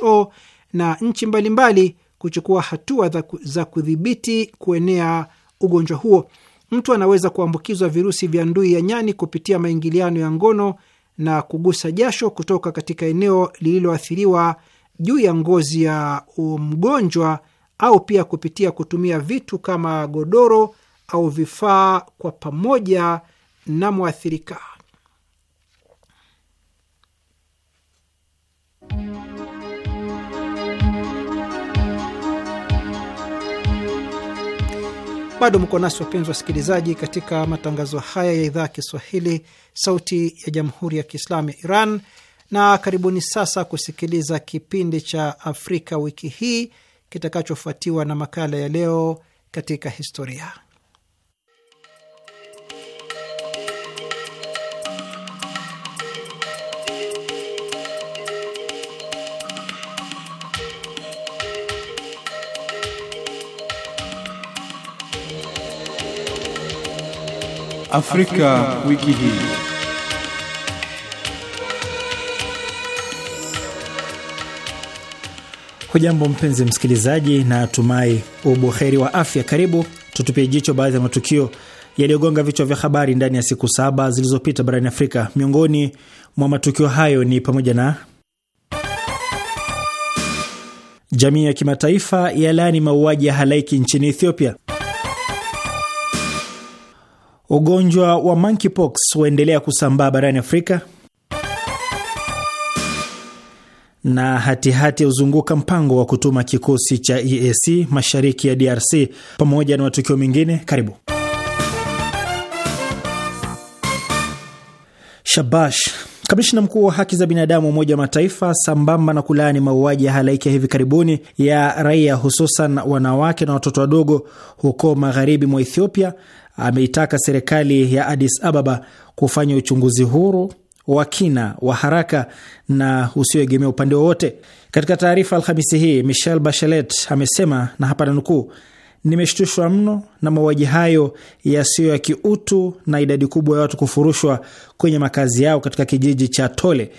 WHO na nchi mbalimbali kuchukua hatua za kudhibiti kuenea ugonjwa huo. Mtu anaweza kuambukizwa virusi vya ndui ya nyani kupitia maingiliano ya ngono na kugusa jasho kutoka katika eneo lililoathiriwa juu ya ngozi ya mgonjwa au pia kupitia kutumia vitu kama godoro au vifaa kwa pamoja na mwathirika. Bado mko nasi wapenzi wasikilizaji, katika matangazo haya ya idhaa ya Kiswahili, Sauti ya Jamhuri ya Kiislamu ya Iran na karibuni sasa kusikiliza kipindi cha Afrika wiki hii kitakachofuatiwa na makala ya leo katika historia. Afrika, Afrika wiki hii. Hujambo mpenzi msikilizaji, na atumai ubuheri wa afya. Karibu tutupie jicho baadhi ya matukio yaliyogonga vichwa vya habari ndani ya siku saba zilizopita barani Afrika. Miongoni mwa matukio hayo ni pamoja na jamii ya kimataifa yalaani mauaji ya halaiki nchini Ethiopia, ugonjwa wa monkeypox huendelea kusambaa barani Afrika na hatihati huzunguka mpango wa kutuma kikosi cha EAC mashariki ya DRC pamoja na matukio mengine. Karibu. Shabash. Kamishna mkuu wa haki za binadamu wa Umoja wa Mataifa sambamba na kulaani mauaji ya halaiki ya hivi karibuni ya raia hususan wanawake na watoto wadogo huko magharibi mwa Ethiopia ameitaka serikali ya Addis Ababa kufanya uchunguzi huru wa kina wa haraka na usioegemea upande wowote. Katika taarifa Alhamisi hii, Michel Bachelet amesema na hapa nanukuu, nimeshtushwa mno na mauaji hayo yasiyo ya kiutu na idadi kubwa ya watu kufurushwa kwenye makazi yao katika kijiji cha Tole,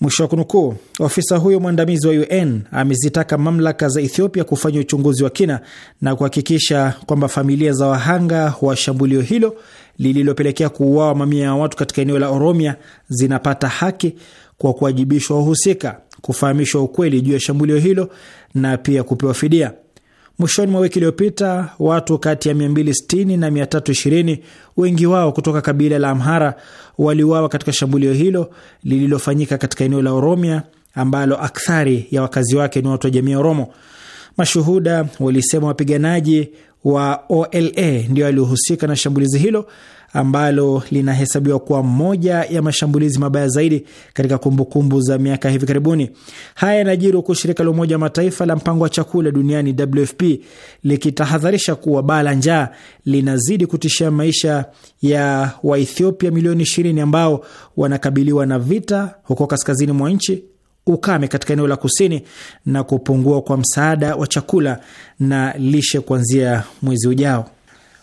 mwisho wa kunukuu. Ofisa huyo mwandamizi wa UN amezitaka mamlaka za Ethiopia kufanya uchunguzi wa kina na kuhakikisha kwamba familia za wahanga wa shambulio hilo lililopelekea kuuawa mamia ya watu katika eneo la Oromia zinapata haki kwa kuwajibishwa wahusika, kufahamishwa ukweli juu ya shambulio hilo na pia kupewa fidia. Mwishoni mwa wiki iliyopita watu kati ya 260 na 320, wengi wao kutoka kabila la Amhara, waliuawa katika shambulio hilo lililofanyika katika eneo la Oromia ambalo akthari ya wakazi wake ni watu wa jamii ya Oromo. Mashuhuda walisema wapiganaji wa OLA ndio aliohusika na shambulizi hilo ambalo linahesabiwa kuwa moja ya mashambulizi mabaya zaidi katika kumbukumbu -kumbu za miaka hivi karibuni. Haya yanajiri huku shirika la Umoja wa Mataifa la mpango wa chakula duniani WFP likitahadharisha kuwa baa la njaa linazidi kutishia maisha ya Waethiopia milioni 20 ambao wanakabiliwa na vita huko kaskazini mwa nchi ukame katika eneo la kusini na kupungua kwa msaada wa chakula na lishe kuanzia mwezi ujao.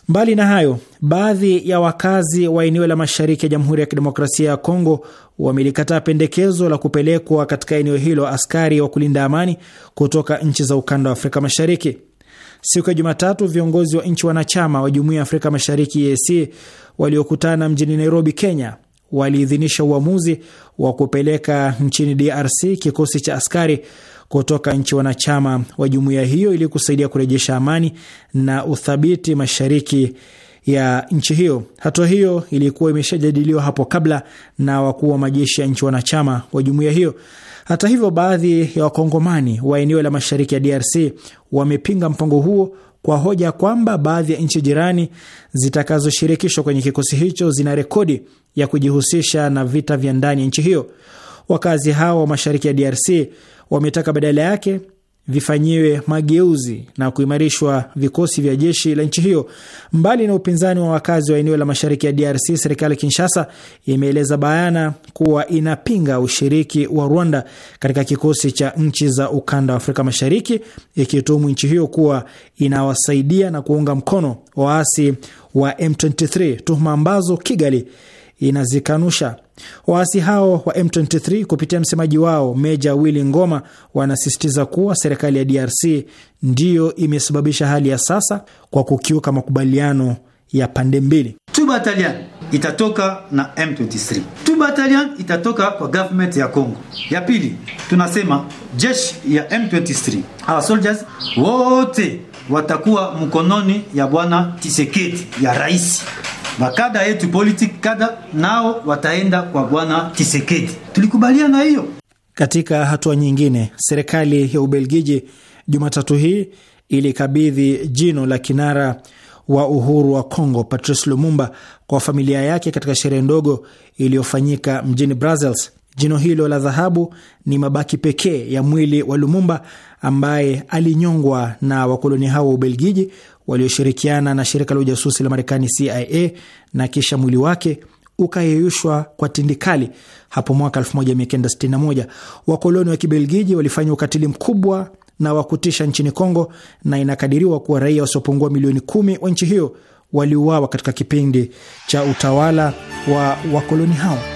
Mbali na hayo, baadhi ya wakazi wa eneo la mashariki ya Jamhuri ya Kidemokrasia ya Kongo wamelikataa pendekezo la kupelekwa katika eneo hilo askari wa kulinda amani kutoka nchi za ukanda wa Afrika Mashariki. Siku ya Jumatatu, viongozi wa nchi wanachama wa Jumuiya ya Afrika Mashariki EAC waliokutana mjini Nairobi, Kenya, waliidhinisha uamuzi wa kupeleka nchini DRC kikosi cha askari kutoka nchi wanachama wa jumuiya hiyo ili kusaidia kurejesha amani na uthabiti mashariki ya nchi hiyo. Hatua hiyo ilikuwa imeshajadiliwa hapo kabla na wakuu wa majeshi ya nchi wanachama wa jumuiya hiyo. Hata hivyo, baadhi ya Wakongomani wa eneo la mashariki ya DRC wamepinga mpango huo kwa hoja kwamba baadhi ya nchi jirani zitakazoshirikishwa kwenye kikosi hicho zina rekodi ya kujihusisha na vita vya ndani ya nchi hiyo. Wakazi hao wa mashariki ya DRC wametaka badala yake vifanyiwe mageuzi na kuimarishwa vikosi vya jeshi la nchi hiyo. Mbali na upinzani wa wakazi wa eneo la mashariki ya DRC, serikali ya Kinshasa imeeleza bayana kuwa inapinga ushiriki wa Rwanda katika kikosi cha nchi za ukanda wa Afrika Mashariki, ikituhumu nchi hiyo kuwa inawasaidia na kuunga mkono waasi wa M23, tuhuma ambazo Kigali inazikanusha. Waasi hao wa M23 kupitia msemaji wao Meja Willy Ngoma wanasisitiza kuwa serikali ya DRC ndiyo imesababisha hali ya sasa kwa kukiuka makubaliano ya pande mbili. Two battalion itatoka na M23, two battalion itatoka kwa government ya Congo. Ya pili tunasema jeshi ya M23, our soldiers wote watakuwa mkononi ya bwana Tshisekedi ya raisi wakada yetu politiki kada nao wataenda kwa bwana Tshisekedi. Tulikubaliana hiyo. Katika hatua nyingine, serikali ya Ubelgiji Jumatatu hii ilikabidhi jino la kinara wa uhuru wa Kongo Patrice Lumumba kwa familia yake katika sherehe ndogo iliyofanyika mjini Brussels. Jino hilo la dhahabu ni mabaki pekee ya mwili wa Lumumba ambaye alinyongwa na wakoloni hao wa Ubelgiji walioshirikiana na shirika la ujasusi la Marekani CIA na kisha mwili wake ukayeyushwa kwa tindikali hapo mwaka 1961. Wakoloni wa Kibelgiji walifanya ukatili mkubwa na wa kutisha nchini Kongo, na inakadiriwa kuwa raia wasiopungua milioni kumi wa nchi hiyo waliuawa katika kipindi cha utawala wa wakoloni hao.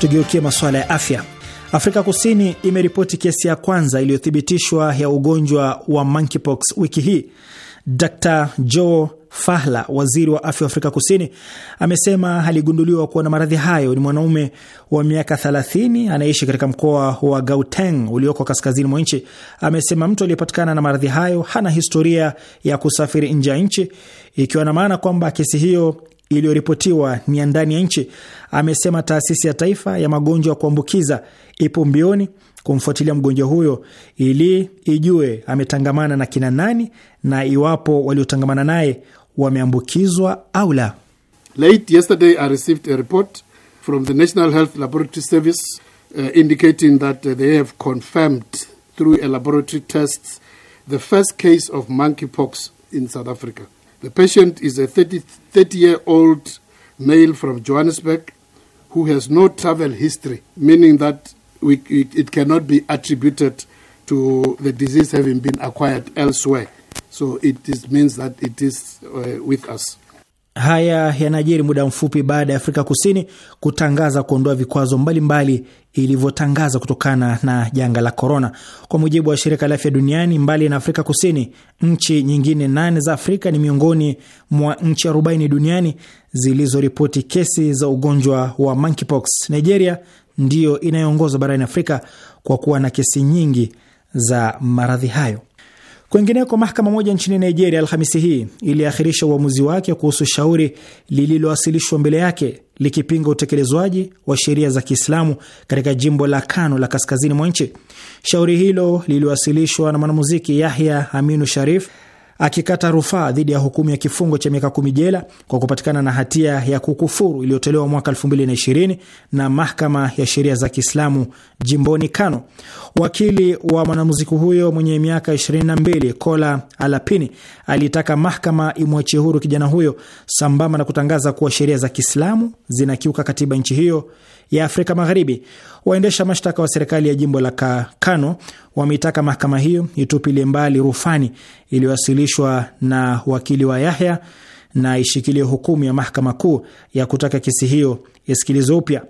Tugeukie masuala ya afya. Afrika Kusini imeripoti kesi ya kwanza iliyothibitishwa ya ugonjwa wa monkeypox wiki hii. Dr Joe Fahla, waziri wa afya wa Afrika Kusini, amesema aligunduliwa kuwa na maradhi hayo ni mwanaume wa miaka 30 anayeishi katika mkoa wa Gauteng ulioko kaskazini mwa nchi. Amesema mtu aliyepatikana na maradhi hayo hana historia ya kusafiri nje ya nchi, ikiwa na maana kwamba kesi hiyo iliyoripotiwa ni ya ndani ya nchi, amesema taasisi ya taifa ya magonjwa ya kuambukiza ipo mbioni kumfuatilia mgonjwa huyo ili ijue ametangamana na kina nani na iwapo waliotangamana naye wameambukizwa au la. Late yesterday I received a report from the National Health Laboratory Service uh, indicating that uh, they have confirmed through a laboratory test the first case of monkeypox in South Africa. The patient is a 30, year old male from Johannesburg who has no travel history, meaning that we, it, it cannot be attributed to the disease having been acquired elsewhere. So it is, means that it is uh, with us. Haya yanajiri muda mfupi baada ya Afrika Kusini kutangaza kuondoa vikwazo mbalimbali ilivyotangaza kutokana na janga la korona. Kwa mujibu wa shirika la afya duniani, mbali na Afrika Kusini, nchi nyingine nane za Afrika ni miongoni mwa nchi 40 duniani zilizoripoti kesi za ugonjwa wa monkeypox. Nigeria ndiyo inayoongozwa barani Afrika kwa kuwa na kesi nyingi za maradhi hayo. Kwengineko, mahakama moja nchini Nigeria Alhamisi hii iliakhirisha uamuzi wake kuhusu shauri lililowasilishwa mbele yake likipinga utekelezwaji wa sheria za Kiislamu katika jimbo la Kano la kaskazini mwa nchi. Shauri hilo liliwasilishwa na mwanamuziki Yahya Aminu Sharif akikata rufaa dhidi ya hukumu ya kifungo cha miaka kumi jela kwa kupatikana na hatia ya kukufuru iliyotolewa mwaka mbili na mahakama ya sheria za Kiislamu jimboni Kano. Wakili wa mwanamuziki huyo mwenye miaka mbili Kola Alapini aliitaka mahakama imwachie huru kijana huyo sambamba na kutangaza kuwa sheria za Kiislamu zinakiuka katiba nchi hiyo ya Afrika Magharibi. Waendesha mashtaka wa serikali ya jimbo la Kano wameitaka mahakama hiyo itupilie mbali rufani iliyowasilishwa na wakili wa Yahya na ishikilie hukumu ya mahakama kuu ya kutaka kesi hiyo isikilizwe upya.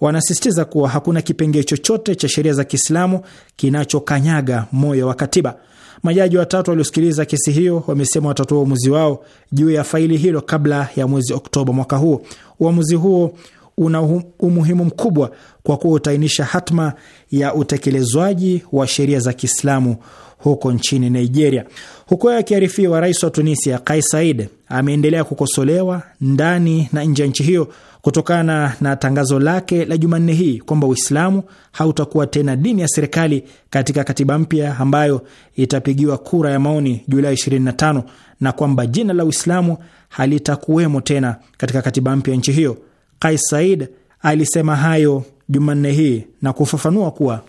Wanasisitiza kuwa hakuna kipengee chochote cha sheria za Kiislamu kinachokanyaga moyo wa katiba. Majaji watatu waliosikiliza kesi hiyo wamesema watatoa uamuzi wao juu ya faili hilo kabla ya mwezi Oktoba mwaka huo. Uamuzi huo una umuhimu mkubwa kwa kuwa utaainisha hatma ya utekelezwaji wa sheria za Kiislamu huko nchini Nigeria. Huku hayo akiarifiwa, rais wa Tunisia Kais Said ameendelea kukosolewa ndani na nje ya nchi hiyo kutokana na tangazo lake la Jumanne hii kwamba Uislamu hautakuwa tena dini ya serikali katika katiba mpya ambayo itapigiwa kura ya maoni Julai 25 na kwamba jina la Uislamu halitakuwemo tena katika katiba mpya ya nchi hiyo. Kais Said alisema hayo Jumanne hii na kufafanua kuwa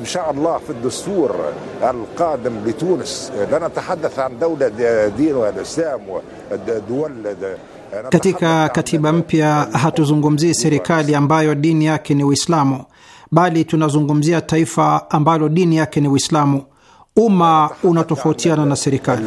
insha allah fi alqadim eh, an dawla din eh, katika katiba mpya eh, hatuzungumzii serikali ambayo dini yake ni Uislamu, bali tunazungumzia taifa ambalo dini yake ni Uislamu. Umma unatofautiana na serikali.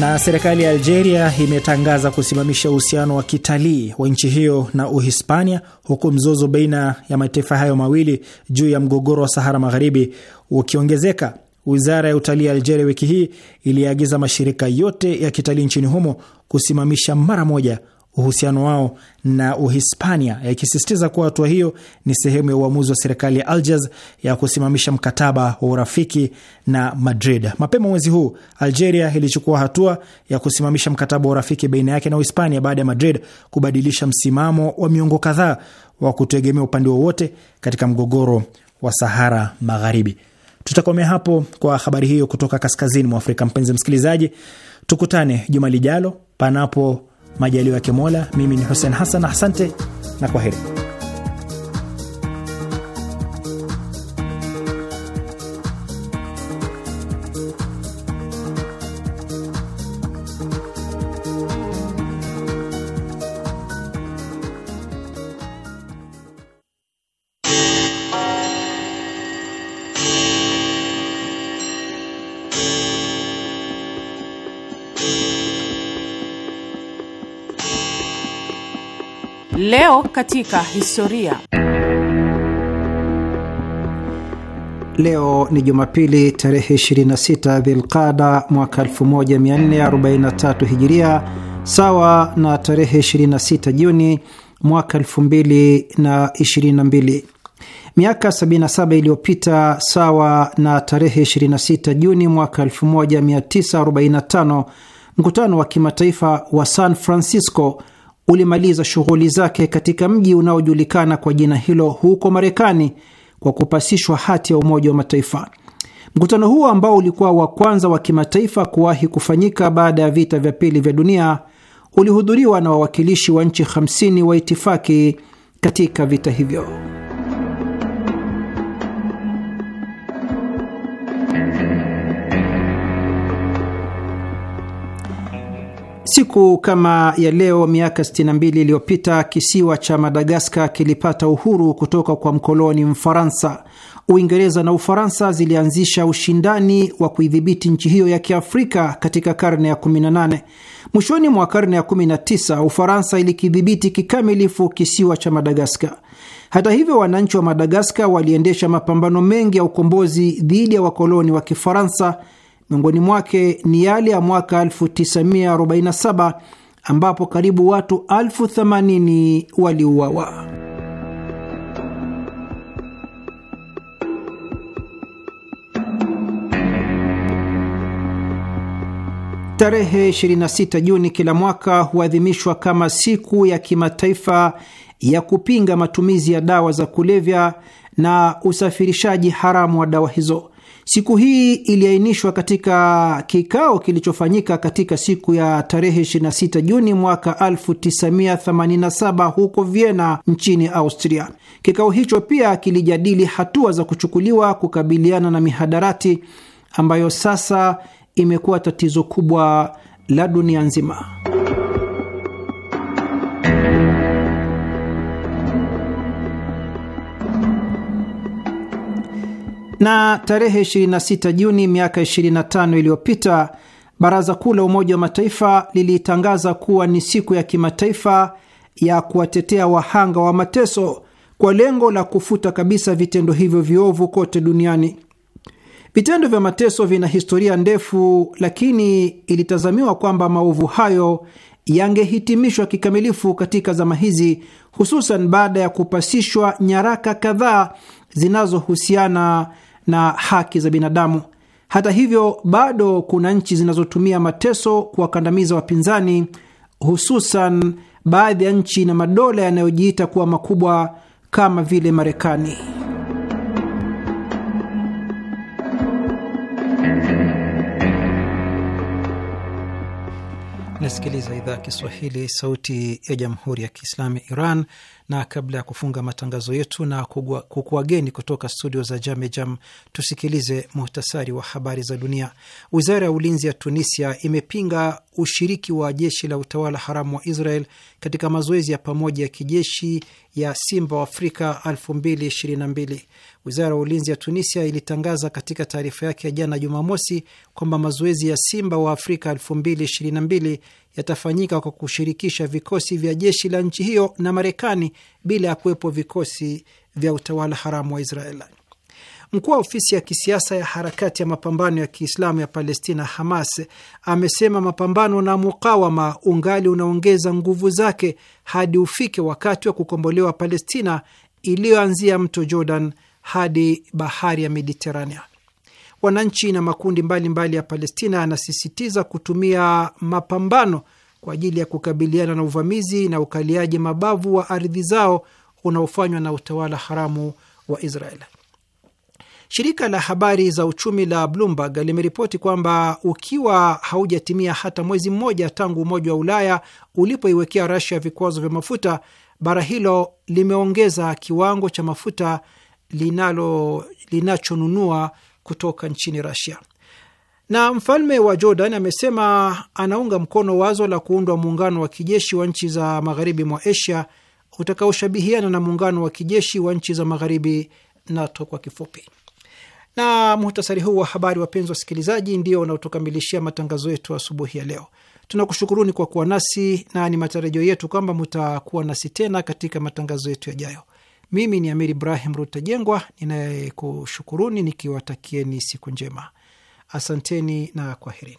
Na serikali ya Algeria imetangaza kusimamisha uhusiano wa kitalii wa nchi hiyo na Uhispania, huku mzozo baina ya mataifa hayo mawili juu ya mgogoro wa Sahara Magharibi ukiongezeka. Wizara ya utalii ya Algeria wiki hii iliagiza mashirika yote ya kitalii nchini humo kusimamisha mara moja uhusiano wao na Uhispania, yakisisitiza kuwa hatua hiyo ni sehemu ya uamuzi wa serikali ya Algiers ya kusimamisha mkataba wa urafiki na Madrid. Mapema mwezi huu, Algeria ilichukua hatua ya kusimamisha mkataba wa urafiki baina yake na Uhispania baada ya Madrid kubadilisha msimamo wa miongo kadhaa wa kutegemea upande wowote katika mgogoro wa Sahara Magharibi. Tutakomea hapo kwa habari hiyo kutoka kaskazini mwa Afrika. Mpenzi msikilizaji, tukutane juma lijalo, panapo majaliwa ya Mola. Mimi ni Hussein Hassan, asante na kwa heri katika historia. Leo ni Jumapili tarehe 26 Dhilqada mwaka 1443 Hijiria, sawa na tarehe 26 Juni mwaka 2022. Miaka 77 iliyopita, sawa na tarehe 26 Juni mwaka 1945, mkutano wa kimataifa wa San Francisco ulimaliza shughuli zake katika mji unaojulikana kwa jina hilo huko Marekani kwa kupasishwa hati ya Umoja wa Mataifa. Mkutano huo ambao ulikuwa wa kwanza wa kimataifa kuwahi kufanyika baada ya vita vya pili vya dunia ulihudhuriwa na wawakilishi wa nchi 50 wa itifaki katika vita hivyo. Siku kama ya leo miaka 62 iliyopita kisiwa cha Madagaskar kilipata uhuru kutoka kwa mkoloni Mfaransa. Uingereza na Ufaransa zilianzisha ushindani wa kuidhibiti nchi hiyo ya Kiafrika katika karne ya 18. Mwishoni mwa karne ya 19, Ufaransa ilikidhibiti kikamilifu kisiwa cha Madagaskar. Hata hivyo, wananchi wa Madagaskar waliendesha mapambano mengi ya ukombozi dhidi ya wakoloni wa Kifaransa miongoni mwake ni yale ya mwaka 1947 ambapo karibu watu elfu themanini waliuawa. Tarehe 26 Juni kila mwaka huadhimishwa kama siku ya kimataifa ya kupinga matumizi ya dawa za kulevya na usafirishaji haramu wa dawa hizo. Siku hii iliainishwa katika kikao kilichofanyika katika siku ya tarehe 26 Juni mwaka 1987 huko Vienna nchini Austria. Kikao hicho pia kilijadili hatua za kuchukuliwa kukabiliana na mihadarati ambayo sasa imekuwa tatizo kubwa la dunia nzima. Na tarehe 26 Juni miaka 25 iliyopita Baraza Kuu la Umoja wa Mataifa lilitangaza kuwa ni siku ya kimataifa ya kuwatetea wahanga wa mateso kwa lengo la kufuta kabisa vitendo hivyo viovu kote duniani. Vitendo vya mateso vina historia ndefu, lakini ilitazamiwa kwamba maovu hayo yangehitimishwa kikamilifu katika zama hizi, hususan baada ya kupasishwa nyaraka kadhaa zinazohusiana na haki za binadamu. Hata hivyo, bado kuna nchi zinazotumia mateso kuwakandamiza wapinzani, hususan baadhi ya nchi na madola yanayojiita kuwa makubwa kama vile Marekani. Nasikiliza idhaa ya Kiswahili, sauti ya jamhuri ya kiislamu ya Iran na kabla ya kufunga matangazo yetu na kukuageni kutoka studio za Jamejam, tusikilize muhtasari wa habari za dunia. Wizara ya ulinzi ya Tunisia imepinga ushiriki wa jeshi la utawala haramu wa Israel katika mazoezi ya pamoja ya kijeshi ya Simba wa Afrika 2022. Wizara ya ulinzi ya Tunisia ilitangaza katika taarifa yake ya jana Jumamosi kwamba mazoezi ya Simba wa Afrika yatafanyika kwa kushirikisha vikosi vya jeshi la nchi hiyo na Marekani bila ya kuwepo vikosi vya utawala haramu wa israel Mkuu wa ofisi ya kisiasa ya harakati ya mapambano ya Kiislamu ya Palestina, Hamas, amesema mapambano na mukawama ungali unaongeza nguvu zake hadi ufike wakati wa kukombolewa Palestina iliyoanzia mto Jordan hadi bahari ya Mediterania wananchi na makundi mbalimbali mbali ya Palestina, anasisitiza kutumia mapambano kwa ajili ya kukabiliana na uvamizi na ukaliaji mabavu wa ardhi zao unaofanywa na utawala haramu wa Israel. Shirika la habari za uchumi la Bloomberg limeripoti kwamba ukiwa haujatimia hata mwezi mmoja tangu Umoja wa Ulaya ulipoiwekea Rasia vikwazo vya mafuta, bara hilo limeongeza kiwango cha mafuta linalo linachonunua kutoka nchini Rasia. Na mfalme wa Jordan amesema anaunga mkono wazo la kuundwa muungano wa kijeshi wa nchi za magharibi mwa Asia utakaoshabihiana na muungano wa kijeshi wa nchi za magharibi, NATO kwa kifupi. Na muhtasari huu wa habari, wapenzi wasikilizaji, ndio unaotukamilishia matangazo yetu asubuhi ya leo. Tunakushukuruni kwa kuwa nasi na ni matarajio yetu kwamba mutakuwa nasi tena katika matangazo yetu yajayo. Mimi ni Amir Ibrahim Rutajengwa ninayekushukuruni nikiwatakieni siku njema, asanteni na kwaherini.